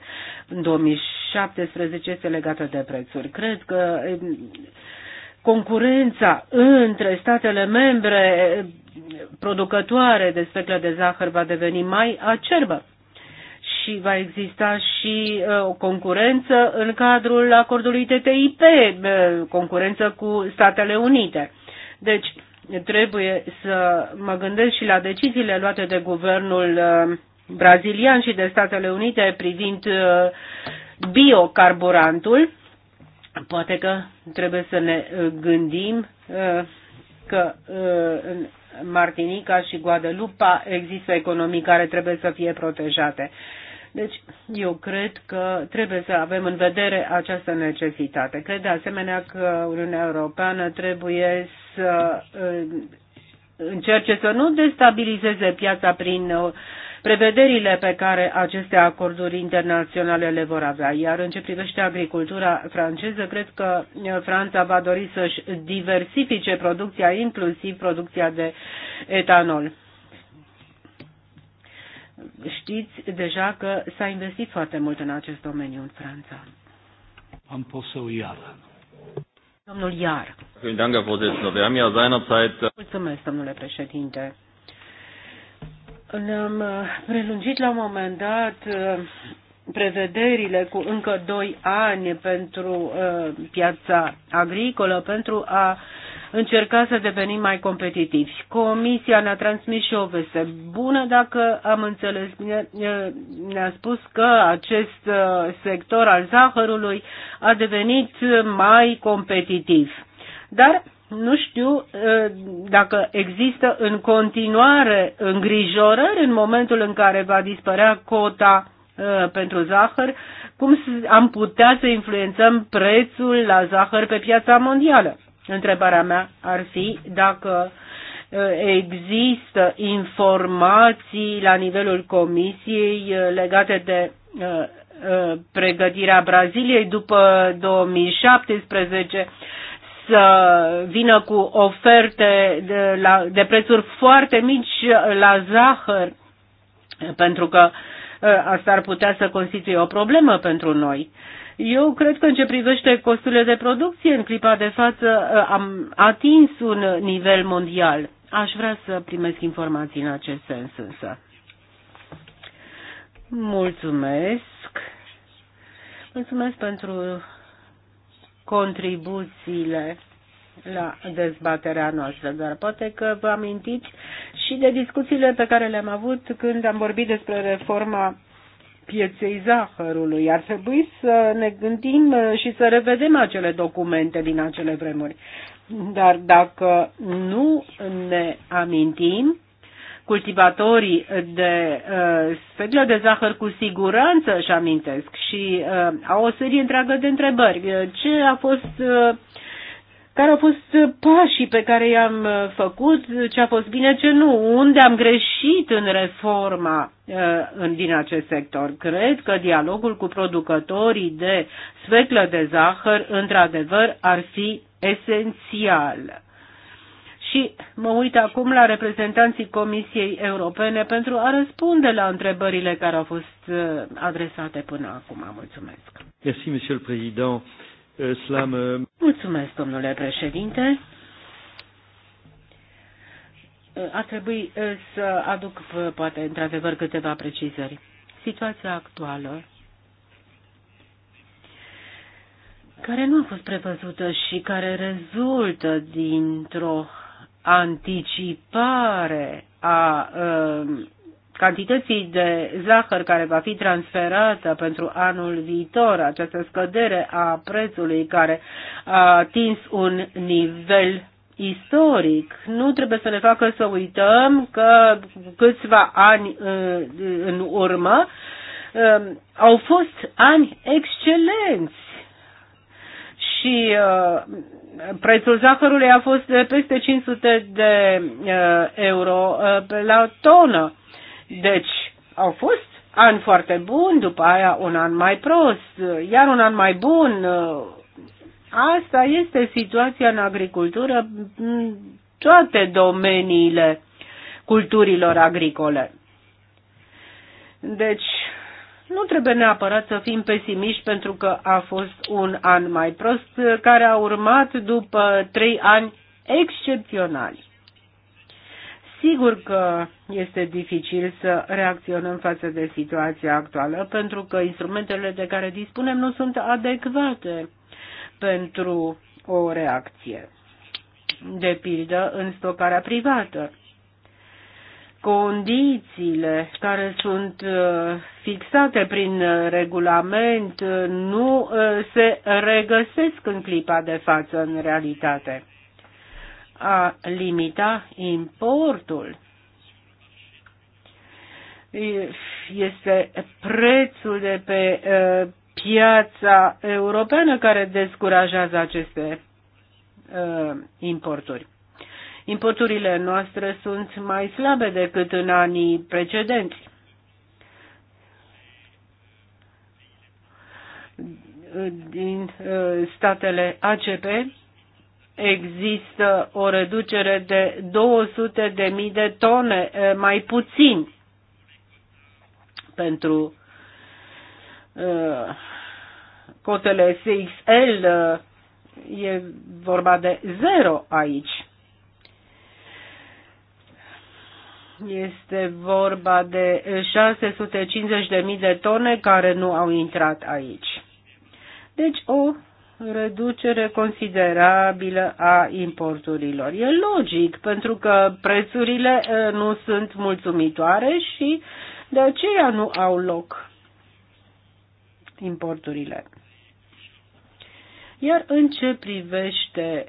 în 2017 este legată de prețuri. Cred că um, concurența între statele membre producătoare de specle de zahăr va deveni mai acerbă și va exista și uh, o concurență în cadrul acordului TTIP, uh, concurență cu Statele Unite. Deci, trebuie să mă gândesc și la deciziile luate de guvernul uh, brazilian și de Statele Unite privind biocarburantul. Poate că trebuie să ne gândim că în Martinica și Guadalupa există economii care trebuie să fie protejate. Deci, eu cred că trebuie să avem în vedere această necesitate. Cred de asemenea că Uniunea Europeană trebuie să uh, încerce să nu destabilizeze piața prin uh, prevederile pe care aceste acorduri internaționale le vor avea. Iar în ce privește agricultura franceză, cred că uh, Franța va dori să-și diversifice producția, inclusiv producția de etanol. Știți deja că s-a investit foarte mult în acest domeniu în Franța. Am o iară. Domnul Iar. Äh, Mulțumesc, domnule președinte. Ne-am uh, prelungit la un moment dat uh, prevederile cu încă doi ani pentru uh, piața agricolă pentru a încerca să devenim mai competitivi. Comisia ne-a transmis și o veste bună, dacă am înțeles bine, ne-a spus că acest uh, sector al zahărului a devenit mai competitiv. Dar nu știu uh, dacă există în continuare îngrijorări în momentul în care va dispărea cota uh, pentru zahăr, cum am putea să influențăm prețul la zahăr pe piața mondială. Întrebarea mea ar fi dacă există informații la nivelul comisiei legate de pregătirea Braziliei după 2017 să vină cu oferte de, la, de prețuri foarte mici la zahăr, pentru că asta ar putea să constituie o problemă pentru noi. Uh, eu cred că în ce privește costurile de producție, în clipa de față uh, am atins un nivel mondial. Aș vrea să primesc informații în acest sens însă. Mulțumesc. Mulțumesc pentru contribuțiile la dezbaterea noastră, dar poate că vă amintiți și de discuțiile pe care le-am avut când am vorbit despre reforma pieței zahărului. Ar trebui să ne gândim uh, și să revedem acele documente din acele vremuri. Dar dacă nu ne amintim, cultivatorii de uh, sfeglă de zahăr cu siguranță își amintesc și uh, au o serie întreagă de întrebări. Uh, ce a fost uh, care au fost uh, pașii pe care i-am uh, făcut, ce a fost bine, ce nu, unde am greșit în reforma uh, din acest sector. Cred că dialogul cu producătorii de sfeclă de zahăr, într-adevăr, ar fi esențial. Și mă uit acum la reprezentanții Comisiei Europene pentru a răspunde la întrebările care au fost adresate până acum. Mulțumesc. Merci, Monsieur le Président. Slamă. Uh, Mulțumesc, domnule președinte. Uh, ar trebui uh, să aduc, poate, într-adevăr, câteva precizări. Situația actuală, care nu a fost prevăzută și care rezultă dintr-o anticipare a uh, cantității de zahăr care va fi transferată pentru anul viitor, această scădere a prețului care a atins un nivel istoric. Nu trebuie să ne facă să uităm că câțiva ani uh, uh, în urmă um, au fost ani excelenți și uh, prețul zahărului a fost de peste 500 de euro la tonă. Deci, au fost ani foarte buni, după aia un an mai prost, iar un an mai bun. Uh, asta este situația în agricultură, în toate domeniile culturilor agricole. Deci, nu trebuie neapărat să fim pesimiști pentru că a fost un an mai prost, care a urmat după trei ani excepționali. Sigur că este dificil să reacționăm față de situația actuală, pentru că instrumentele de care dispunem nu sunt adecvate pentru o reacție. De pildă, în stocarea privată. Condițiile care sunt uh, fixate prin regulament uh, nu uh, se regăsesc în clipa de față în realitate a limita importul este prețul de pe piața europeană care descurajează aceste importuri. Importurile noastre sunt mai slabe decât în anii precedenți. Din statele ACP există o reducere de 200 de mii de tone, mai puțin pentru cotele SXL e vorba de zero aici. Este vorba de 650.000 de tone care nu au intrat aici. Deci o reducere considerabilă a importurilor. E logic, pentru că prețurile nu sunt mulțumitoare și de aceea nu au loc importurile. Iar în ce privește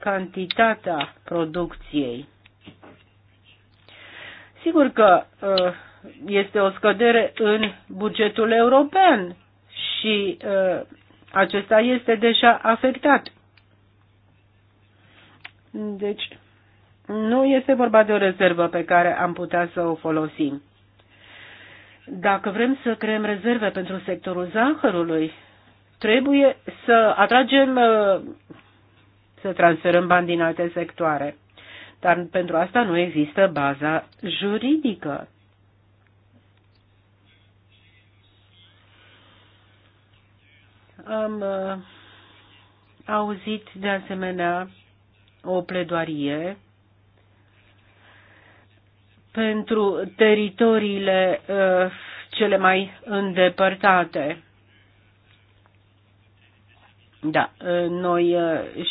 cantitatea producției, sigur că este o scădere în bugetul european și acesta este deja afectat. Deci, nu este vorba de o rezervă pe care am putea să o folosim. Dacă vrem să creăm rezerve pentru sectorul zahărului, trebuie să atragem, uh, să transferăm bani din alte sectoare. Dar pentru asta nu există baza juridică. am uh, auzit de asemenea o pledoarie pentru teritoriile uh, cele mai îndepărtate. Da, uh, noi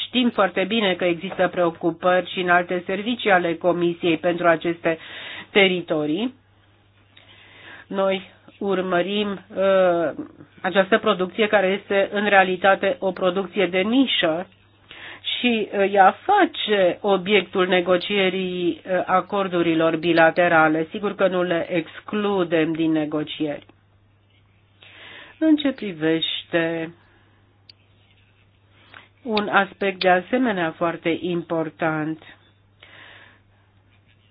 știm foarte bine că există preocupări și în alte servicii ale Comisiei pentru aceste teritorii. Noi urmărim uh, această producție care este în realitate o producție de nișă și uh, ea face obiectul negocierii uh, acordurilor bilaterale. Sigur că nu le excludem din negocieri. În ce privește un aspect de asemenea foarte important,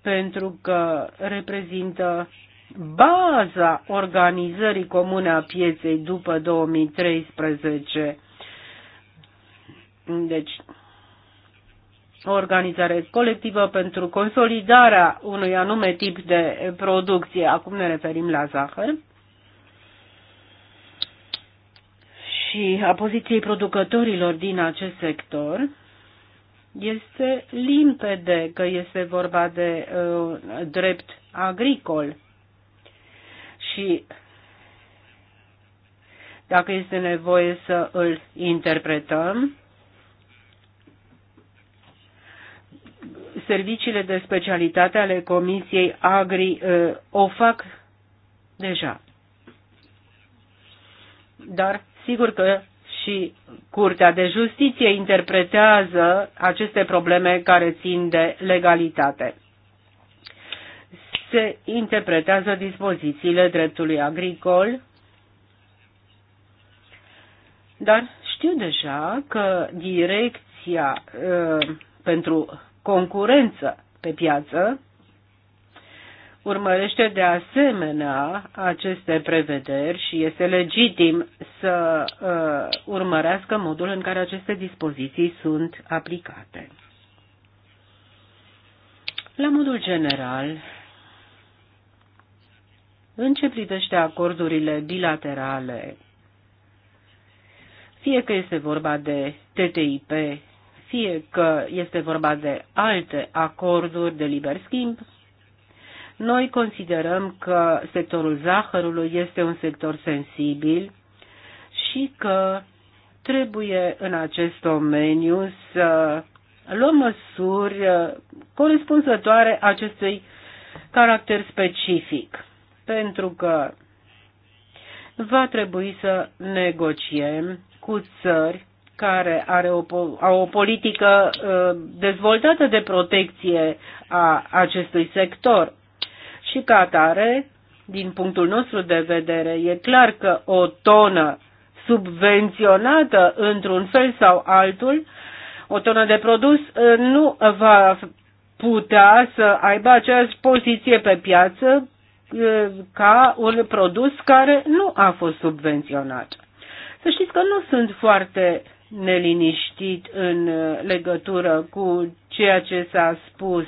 pentru că reprezintă baza organizării comune a pieței după 2013. Deci, o organizare colectivă pentru consolidarea unui anume tip de producție. Acum ne referim la zahăr. Și a poziției producătorilor din acest sector este limpede că este vorba de uh, drept agricol și dacă este nevoie să îl interpretăm. Serviciile de specialitate ale Comisiei Agri eh, o fac deja. Dar sigur că și Curtea de Justiție interpretează aceste probleme care țin de legalitate se interpretează dispozițiile dreptului agricol, dar știu deja că direcția uh, pentru concurență pe piață urmărește de asemenea aceste prevederi și este legitim să uh, urmărească modul în care aceste dispoziții sunt aplicate. La modul general, în ce privește acordurile bilaterale, fie că este vorba de TTIP, fie că este vorba de alte acorduri de liber schimb, noi considerăm că sectorul zahărului este un sector sensibil și că trebuie în acest domeniu să luăm măsuri corespunzătoare acestui caracter specific pentru că va trebui să negociem cu țări care are o, au o politică ă, dezvoltată de protecție a acestui sector. Și ca atare, din punctul nostru de vedere, e clar că o tonă subvenționată într-un fel sau altul, o tonă de produs ă, nu va putea să aibă aceeași poziție pe piață ca un produs care nu a fost subvenționat. Să știți că nu sunt foarte neliniștit în uh, legătură cu ceea ce s-a spus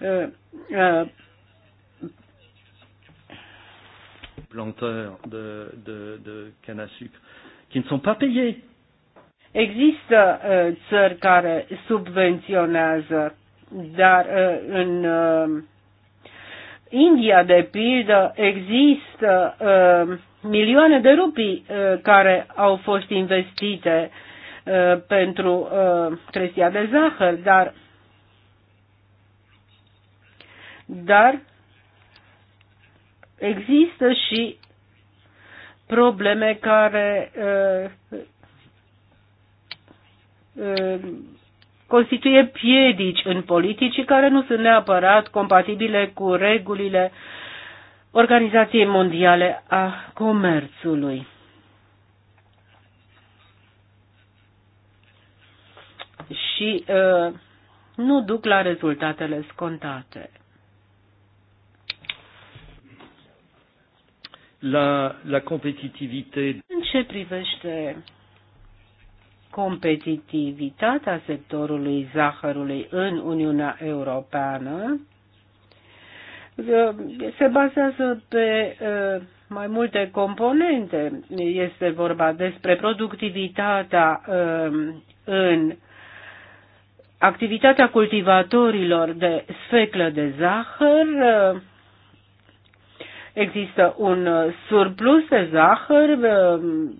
uh, uh, planteurs de, de, de canne à sucre qui ne sont pas payés. Există uh, țări care subvenționează, dar uh, în uh, India, de pildă, există uh, milioane de rupii uh, care au fost investite uh, pentru uh, trestia de zahăr, dar dar există și probleme care uh, uh, constituie piedici în politici care nu sunt neapărat compatibile cu regulile Organizației Mondiale a Comerțului. Și uh, nu duc la rezultatele scontate. La, la competitivitate. În ce privește competitivitatea sectorului zahărului în Uniunea Europeană uh, se bazează pe uh, mai multe componente. Este vorba despre productivitatea um, în activitatea cultivatorilor de sfeclă de zahăr, există un surplus de zahăr um,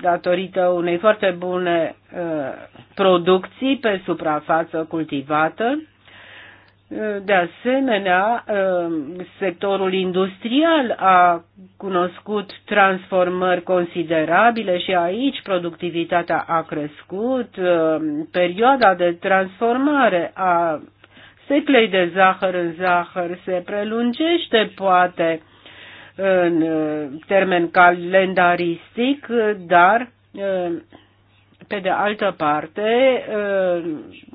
datorită unei foarte bune uh, producții pe suprafață cultivată. Uh, de asemenea, uh, sectorul industrial a cunoscut transformări considerabile și aici productivitatea a crescut. Perioada de transformare a seclei de zahăr în zahăr se prelungește, poate, în uh, termen calendaristic, uh, dar uh, pe de altă parte,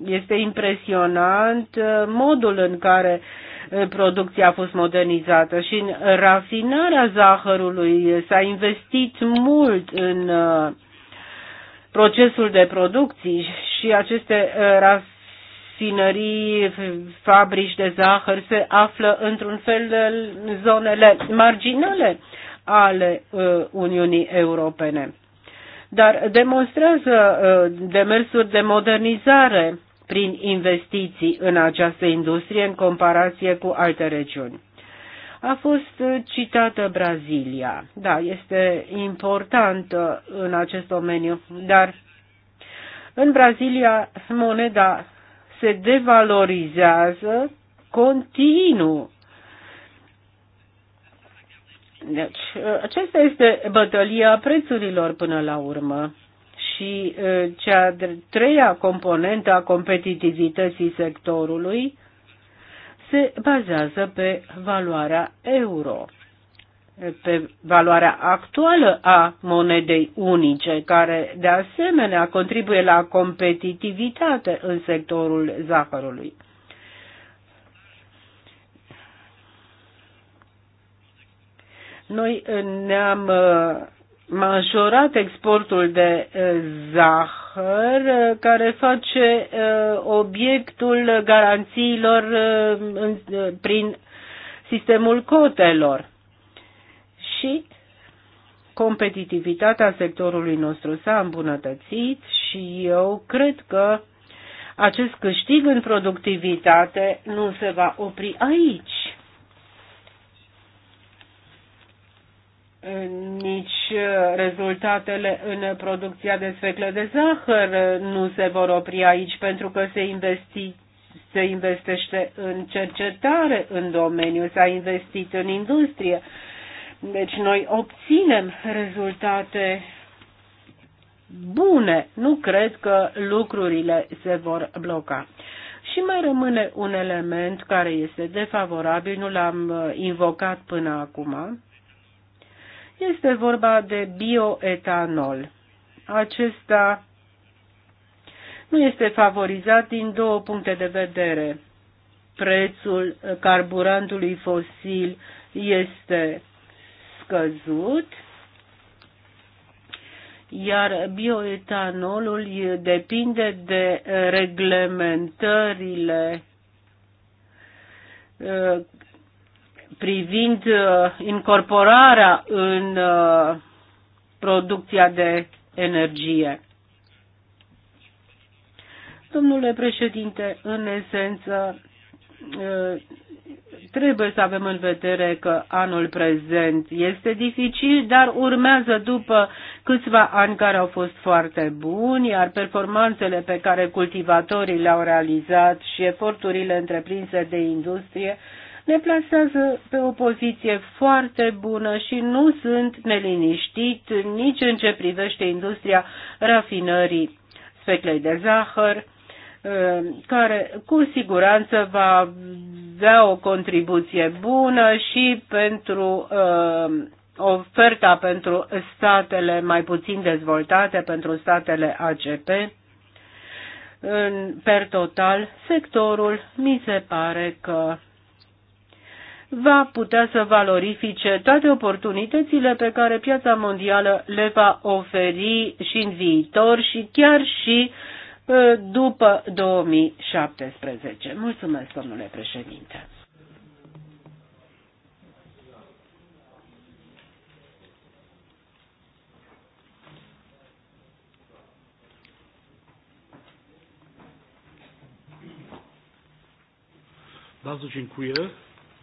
este impresionant modul în care producția a fost modernizată și în rafinarea zahărului s-a investit mult în procesul de producție și aceste rafinări rafinării, fabrici de zahăr se află într-un fel de zonele marginale ale uh, Uniunii Europene. Dar demonstrează uh, demersuri de modernizare prin investiții în această industrie în comparație cu alte regiuni. A fost uh, citată Brazilia. Da, este importantă în acest domeniu, dar în Brazilia moneda se devalorizează continuu. Deci, ă, aceasta este bătălia prețurilor până la urmă și ă, cea de treia componentă a competitivității sectorului se bazează pe valoarea euro pe valoarea actuală a monedei unice, care de asemenea contribuie la competitivitate în sectorul zahărului. Noi ne-am uh, majorat exportul de uh, zahăr, uh, care face obiectul garanțiilor prin sistemul cotelor și competitivitatea sectorului nostru s-a îmbunătățit și eu cred că acest câștig în productivitate nu se va opri aici. Nici rezultatele în producția de sfeclă de zahăr nu se vor opri aici pentru că se investi se investește în cercetare în domeniu, s-a investit în industrie, deci noi obținem rezultate bune. Nu cred că lucrurile se vor bloca. Și mai rămâne un element care este defavorabil, nu l-am uh, invocat până acum. Este vorba de bioetanol. Acesta nu este favorizat din două puncte de vedere. Prețul uh, carburantului fosil este scăzut, iar bioetanolul depinde de reglementările uh, privind uh, incorporarea în uh, producția de energie. Domnule președinte, în esență, Trebuie să avem în vedere că anul prezent este dificil, dar urmează după câțiva ani care au fost foarte buni, iar performanțele pe care cultivatorii le-au realizat și eforturile întreprinse de industrie ne plasează pe o poziție foarte bună și nu sunt neliniștit nici în ce privește industria rafinării speclei de zahăr, Uh, care cu siguranță va avea o contribuție bună și pentru uh, oferta pentru statele mai puțin dezvoltate, pentru statele ACP. În, per total, sectorul mi se pare că va putea să valorifice toate oportunitățile pe care piața mondială le va oferi și în viitor și chiar și uh, Ă, după 2017. Mulțumesc, domnule președinte.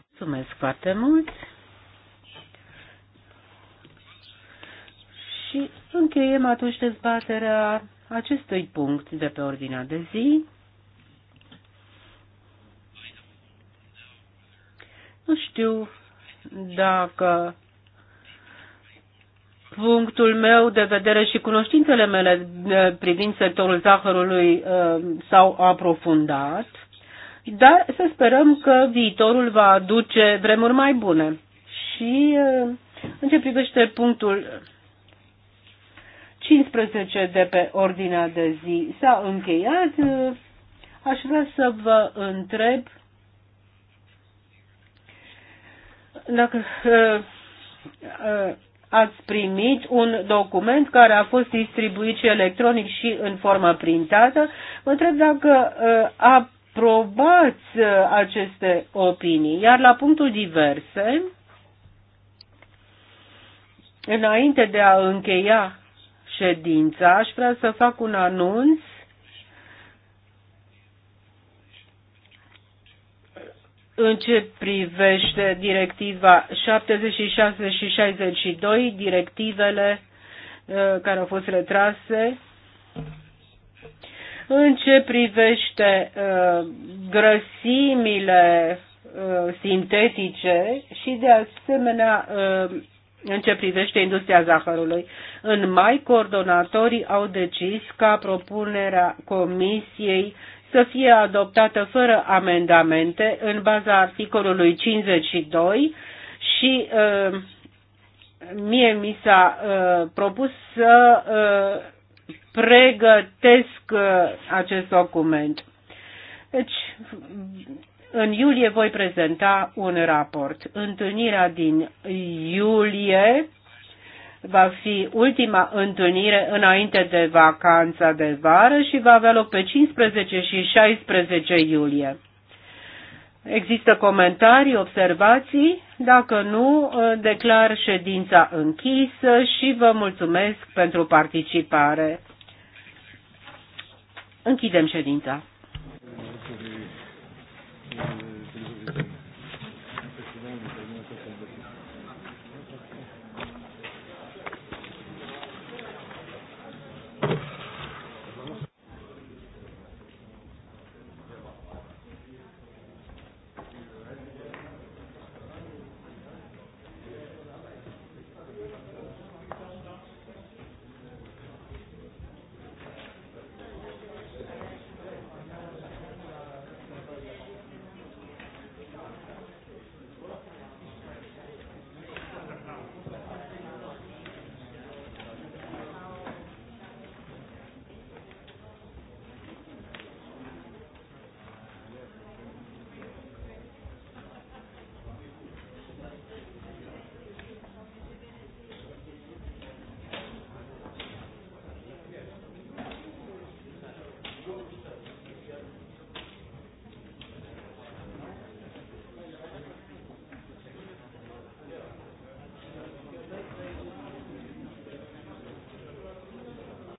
Mulțumesc foarte mult. Și încheiem atunci dezbaterea acestui punct de pe ordinea de zi. Nu știu dacă punctul meu de vedere și cunoștințele mele eh, privind sectorul zahărului eh, s-au aprofundat, dar să sperăm că viitorul va aduce vremuri mai bune. Și eh, în ce privește punctul 15 de pe ordinea de zi s-a încheiat. Aș vrea să vă întreb dacă uh, ați primit un document care a fost distribuit și electronic și în formă printată. Vă întreb dacă uh, aprobați uh, aceste opinii. Iar la punctul diverse, înainte de a încheia ședința. Aș vrea să fac un anunț în ce privește directiva 76 și 62, directivele uh, care au fost retrase, în ce privește uh, grăsimile uh, sintetice și de asemenea în ce privește industria zahărului. În mai, coordonatorii au decis ca propunerea Comisiei să fie adoptată fără amendamente în baza articolului 52 și uh, mie mi s-a uh, propus să uh, pregătesc uh, acest document. Deci în iulie voi prezenta un raport. Întâlnirea din iulie va fi ultima întâlnire înainte de vacanța de vară și va avea loc pe 15 și 16 iulie. Există comentarii, observații? Dacă nu, declar ședința închisă și vă mulțumesc pentru participare. Închidem ședința.